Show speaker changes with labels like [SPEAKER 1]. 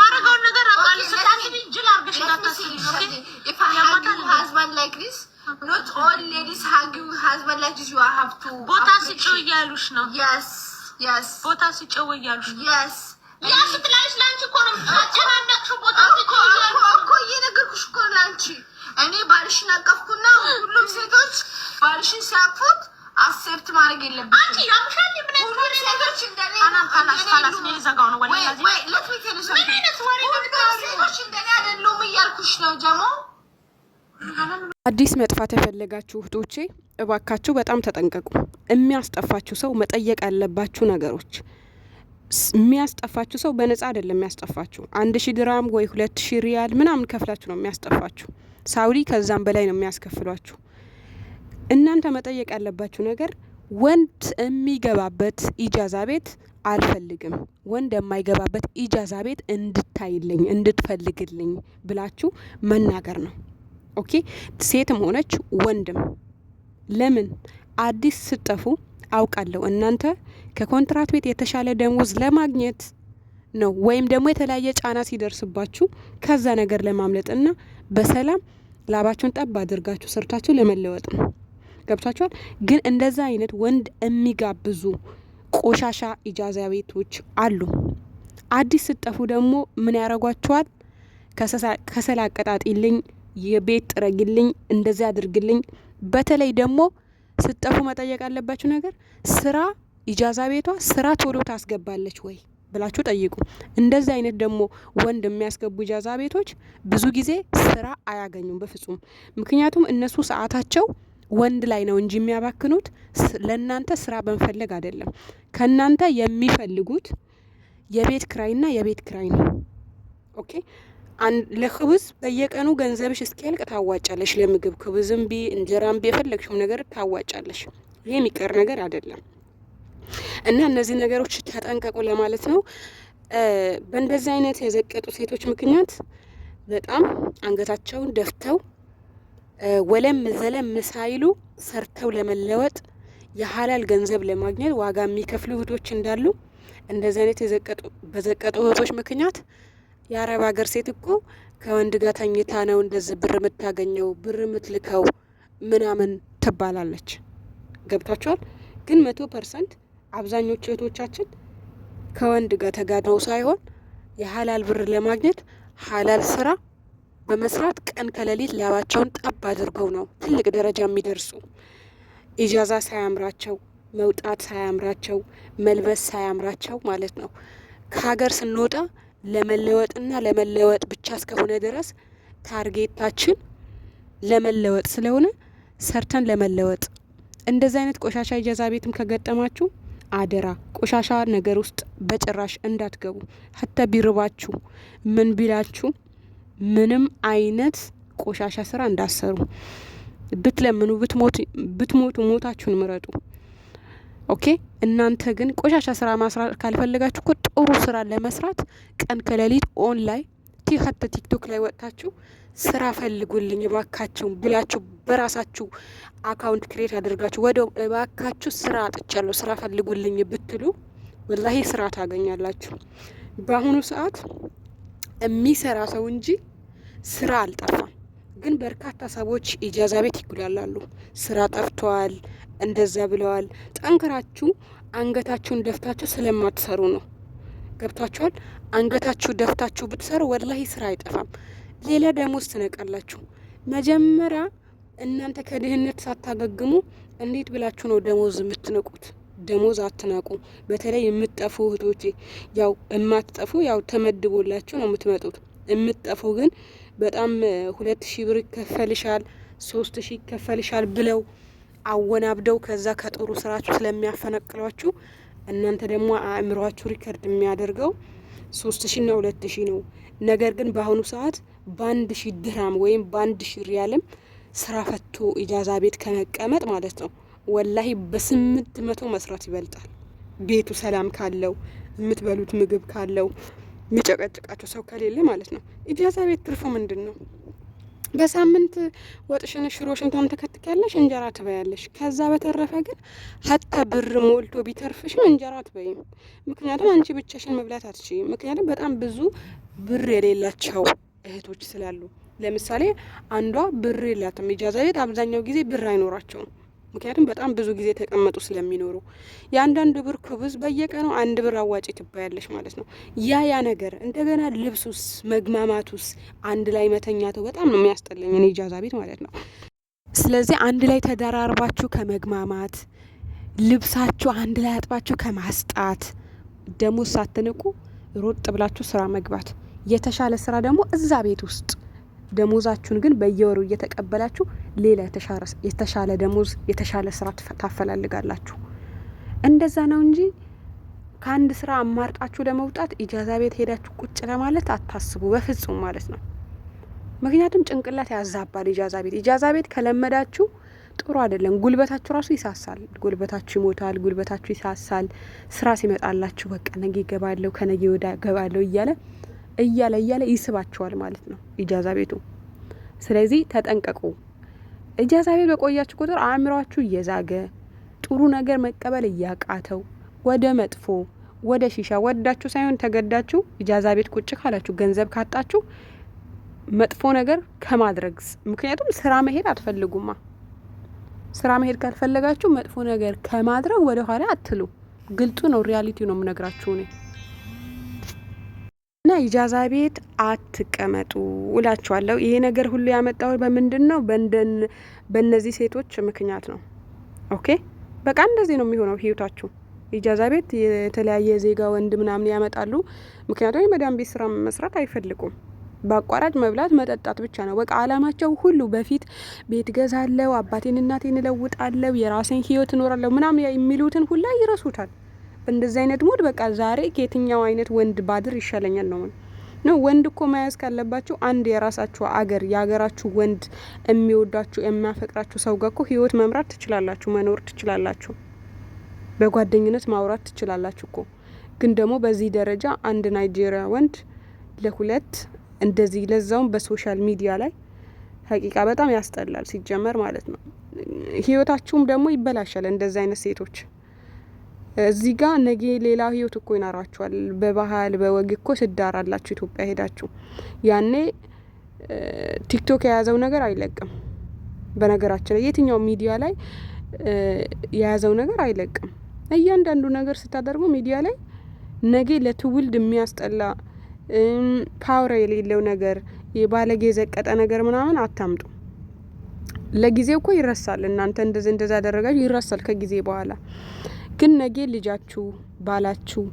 [SPEAKER 1] ማረጋውን ነገር
[SPEAKER 2] ቦታ ስጭው እያሉሽ ነው። ቦታ ስጭው እያሉሽ ነው። ያ ስትላልሽ ለአንቺ እኮ ነው አጨናነቅሽው። ቦታ ስጭው
[SPEAKER 1] እኮ እየነገርኩሽ እኮ ለአንቺ እኔ ባልሽን አቀፍኩና ሁሉም ሴቶች ባልሽን ሲያቅፉት አሴፕት ማድረግ
[SPEAKER 2] የለብሽም አንቺ
[SPEAKER 3] አዲስ መጥፋት የፈለጋችሁ እህቶቼ እባካችሁ በጣም ተጠንቀቁ። የሚያስጠፋችሁ ሰው መጠየቅ ያለባችሁ ነገሮች የሚያስጠፋችሁ ሰው በነጻ አይደለም የሚያስጠፋችሁ። አንድ ሺ ድራም ወይ ሁለት ሺ ሪያል ምናምን ከፍላችሁ ነው የሚያስጠፋችሁ። ሳውዲ ከዛም በላይ ነው የሚያስከፍሏችሁ። እናንተ መጠየቅ ያለባችሁ ነገር ወንድ የሚገባበት ኢጃዛ ቤት አልፈልግም ወንድ የማይገባበት ኢጃዛ ቤት እንድታይልኝ እንድትፈልግልኝ ብላችሁ መናገር ነው። ኦኬ ሴትም ሆነች ወንድም ለምን አዲስ ስጠፉ አውቃለሁ። እናንተ ከኮንትራት ቤት የተሻለ ደሞዝ ለማግኘት ነው ወይም ደግሞ የተለያየ ጫና ሲደርስባችሁ ከዛ ነገር ለማምለጥና በሰላም ላባችሁን ጠብ አድርጋችሁ ሰርታችሁ ለመለወጥ ነው። ገብቷቸዋል። ግን እንደዚ አይነት ወንድ የሚጋብዙ ቆሻሻ ኢጃዛ ቤቶች አሉ። አዲስ ስጠፉ ደግሞ ምን ያረጓቸዋል? ከሰል አቀጣጢልኝ፣ የቤት ጥረግልኝ፣ እንደዚ አድርግልኝ። በተለይ ደግሞ ስጠፉ መጠየቅ ያለባችሁ ነገር ስራ ኢጃዛ ቤቷ ስራ ቶሎ ታስገባለች ወይ ብላችሁ ጠይቁ። እንደዚህ አይነት ደግሞ ወንድ የሚያስገቡ ኢጃዛ ቤቶች ብዙ ጊዜ ስራ አያገኙም በፍጹም። ምክንያቱም እነሱ ሰዓታቸው ወንድ ላይ ነው እንጂ የሚያባክኑት ለእናንተ ስራ በመፈለግ አይደለም። ከእናንተ የሚፈልጉት የቤት ክራይና የቤት ክራይ ነው። ኦኬ ለክብዝ በየቀኑ ገንዘብሽ እስኪያልቅ ታዋጫለሽ። ለምግብ ክብዝም ቢ እንጀራም ቢ የፈለግሽም ነገር ታዋጫለሽ። ይህ የሚቀር ነገር አይደለም እና እነዚህ ነገሮች ተጠንቀቁ ለማለት ነው። በእንደዚህ አይነት የዘቀጡ ሴቶች ምክንያት በጣም አንገታቸውን ደፍተው ወለም ዘለም ሳይሉ ሰርተው ለመለወጥ የሀላል ገንዘብ ለማግኘት ዋጋ የሚከፍሉ እህቶች እንዳሉ እንደዚህ አይነት በዘቀጡ እህቶች ምክንያት የአረብ ሀገር ሴት እኮ ከወንድ ጋር ተኝታ ነው እንደዚህ ብር የምታገኘው ብር የምትልከው ምናምን ትባላለች። ገብታችኋል? ግን መቶ ፐርሰንት አብዛኞቹ እህቶቻችን ከወንድ ጋር ተጋድመው ሳይሆን የሀላል ብር ለማግኘት ሀላል ስራ በመስራት ከቀን ከሌሊት ላባቸውን ጠብ አድርገው ነው ትልቅ ደረጃ የሚደርሱ። ኢጃዛ ሳያምራቸው፣ መውጣት ሳያምራቸው፣ መልበስ ሳያምራቸው ማለት ነው። ከሀገር ስንወጣ ለመለወጥና ለመለወጥ ብቻ እስከሆነ ድረስ ታርጌታችን ለመለወጥ ስለሆነ ሰርተን ለመለወጥ እንደዚህ አይነት ቆሻሻ ኢጃዛ ቤትም ከገጠማችሁ አደራ ቆሻሻ ነገር ውስጥ በጭራሽ እንዳትገቡ። ሀታ ቢርባችሁ ምን ቢላችሁ ምንም አይነት ቆሻሻ ስራ እንዳሰሩ ብትለምኑ ብትሞቱ ሞታችሁን ምረጡ። ኦኬ እናንተ ግን ቆሻሻ ስራ ማስራት ካልፈለጋችሁ እኮ ጥሩ ስራ ለመስራት ቀን ከሌሊት ኦን ላይ ሀተ ቲክቶክ ላይ ወጥታችሁ ስራ ፈልጉልኝ እባካችሁ ብላችሁ በራሳችሁ አካውንት ክሬት አድርጋችሁ ወደ እባካችሁ ስራ አጥቻለሁ ስራ ፈልጉልኝ ብትሉ ወላሂ ስራ ታገኛላችሁ። በአሁኑ ሰዓት የሚሰራ ሰው እንጂ ስራ አልጠፋም፣ ግን በርካታ ሰዎች ኢጃዛ ቤት ይጉላላሉ። ስራ ጠፍተዋል፣ እንደዛ ብለዋል። ጠንክራችሁ አንገታችሁን ደፍታችሁ ስለማትሰሩ ነው። ገብታችኋል? አንገታችሁ ደፍታችሁ ብትሰሩ ወላሂ ስራ አይጠፋም። ሌላ ደሞዝ ትነቃላችሁ። መጀመሪያ እናንተ ከድህነት ሳታገግሙ እንዴት ብላችሁ ነው ደሞዝ የምትነቁት? ደሞዝ አትናቁ። በተለይ የምትጠፉ እህቶቼ፣ ያው የማትጠፉ ያው ተመድቦላችሁ ነው የምትመጡት የምትጠፈው ግን በጣም ሁለት ሺህ ብር ይከፈልሻል፣ ሶስት ሺህ ይከፈልሻል ብለው አወናብደው ከዛ ከጥሩ ስራችሁ ስለሚያፈነቅሏችሁ እናንተ ደግሞ አእምሯችሁ ሪከርድ የሚያደርገው ሶስት ሺ ና ሁለት ሺ ነው። ነገር ግን በአሁኑ ሰዓት በአንድ ሺ ድራም ወይም በአንድ ሺ ሪያልም ስራ ፈቶ ኢጃዛ ቤት ከመቀመጥ ማለት ነው ወላሂ በስምንት መቶ መስራት ይበልጣል። ቤቱ ሰላም ካለው የምትበሉት ምግብ ካለው የሚጨቀጭቃቸው ሰው ከሌለ ማለት ነው። ኢጃዛ ቤት ትርፉ ምንድን ነው? በሳምንት ወጥሽን ሽሮሽን ቶም ተከትካለሽ እንጀራ ትበያለሽ። ከዛ በተረፈ ግን ሀታ ብር ሞልቶ ቢተርፍሽም እንጀራ አትበይም። ምክንያቱም አንቺ ብቻሽን መብላት አትችይም። ምክንያቱም በጣም ብዙ ብር የሌላቸው እህቶች ስላሉ፣ ለምሳሌ አንዷ ብር የላትም። ኢጃዛ ቤት አብዛኛው ጊዜ ብር አይኖራቸውም። ምክንያቱም በጣም ብዙ ጊዜ ተቀመጡ ስለሚኖሩ የአንዳንድ ብር ክብዝ በየቀኑ አንድ ብር አዋጭ ትባያለች ማለት ነው። ያ ያ ነገር እንደገና ልብሱስ፣ መግማማቱስ፣ አንድ ላይ መተኛተው በጣም ነው የሚያስጠለኝ እኔ ጃዛ ቤት ማለት ነው። ስለዚህ አንድ ላይ ተደራርባችሁ ከመግማማት ልብሳችሁ አንድ ላይ አጥባችሁ ከማስጣት ደግሞ ሳትንቁ ሮጥ ብላችሁ ስራ መግባት የተሻለ ስራ ደግሞ እዛ ቤት ውስጥ ደሞዛችሁን ግን በየወሩ እየተቀበላችሁ ሌላ የተሻለ ደሞዝ፣ የተሻለ ስራ ታፈላልጋላችሁ። እንደዛ ነው እንጂ ከአንድ ስራ አማርጣችሁ ለመውጣት ኢጃዛ ቤት ሄዳችሁ ቁጭ ለማለት አታስቡ፣ በፍጹም ማለት ነው። ምክንያቱም ጭንቅላት ያዛባል። ኢጃዛ ቤት ኢጃዛ ቤት ከለመዳችሁ ጥሩ አይደለም። ጉልበታችሁ ራሱ ይሳሳል፣ ጉልበታችሁ ይሞታል፣ ጉልበታችሁ ይሳሳል። ስራ ሲመጣላችሁ በቃ ነገ ይገባለሁ ከነገ ወዳ ገባለሁ እያለ እያለ እያለ ይስባችኋል ማለት ነው ኢጃዛ ቤቱ። ስለዚህ ተጠንቀቁ። እጃዛ ቤት በቆያችሁ ቁጥር አእምሯችሁ እየዛገ ጥሩ ነገር መቀበል እያቃተው ወደ መጥፎ ወደ ሺሻ ወዳችሁ ሳይሆን ተገዳችሁ እጃዛ ቤት ቁጭ ካላችሁ ገንዘብ ካጣችሁ መጥፎ ነገር ከማድረግ ምክንያቱም ስራ መሄድ አትፈልጉማ። ስራ መሄድ ካልፈለጋችሁ መጥፎ ነገር ከማድረግ ወደ ኋላ አትሉ። ግልጡ ነው፣ ሪያሊቲ ነው የምነግራችሁ እኔ። ኢጃዛ ቤት አትቀመጡ እላችኋለሁ። ይሄ ነገር ሁሉ ያመጣው በምንድን ነው? በእነዚህ ሴቶች ምክንያት ነው። ኦኬ በቃ እንደዚህ ነው የሚሆነው ህይወታችሁ። ኢጃዛ ቤት የተለያየ ዜጋ ወንድ ምናምን ያመጣሉ። ምክንያቱም የመዳን ቤት ስራ መስራት አይፈልጉም። በአቋራጭ መብላት መጠጣት ብቻ ነው በቃ አላማቸው ሁሉ። በፊት ቤት ገዛለው፣ አባቴን እናቴን እለውጣለው፣ የራሴን ህይወት እኖራለሁ ምናምን የሚሉትን ሁላ ይረሱታል። እንደዚህ አይነት ሙድ በቃ ዛሬ ከየትኛው አይነት ወንድ ባድር ይሻለኛል ነው ነው ወንድ እኮ መያዝ ካለባችሁ አንድ የራሳችሁ አገር የሀገራችሁ ወንድ የሚወዳችሁ የሚያፈቅራችሁ ሰው ጋር እኮ ህይወት መምራት ትችላላችሁ፣ መኖር ትችላላችሁ፣ በጓደኝነት ማውራት ትችላላችሁ እኮ። ግን ደግሞ በዚህ ደረጃ አንድ ናይጄሪያ ወንድ ለሁለት እንደዚህ ለዛውም በሶሻል ሚዲያ ላይ ሀቂቃ በጣም ያስጠላል ሲጀመር ማለት ነው። ህይወታችሁም ደግሞ ይበላሻል እንደዚህ አይነት ሴቶች እዚህ ጋ ነገ ሌላ ህይወት እኮ ይኖራችኋል። በባህል በወግ እኮ ስዳር ኢትዮጵያ ሄዳችሁ ያኔ ቲክቶክ የያዘው ነገር አይለቅም። በነገራችን ላይ የትኛው ሚዲያ ላይ የያዘው ነገር አይለቅም። እያንዳንዱ ነገር ስታደርጉ ሚዲያ ላይ ነገ ለትውልድ የሚያስጠላ ፓወር የሌለው ነገር የባለጌ የዘቀጠ ነገር ምናምን አታምጡ። ለጊዜው እኮ ይረሳል። እናንተ እንደዚህ እንደዚ አደረጋችሁ ይረሳል ከጊዜ በኋላ ግን ነገ ልጃችሁ፣ ባላችሁ፣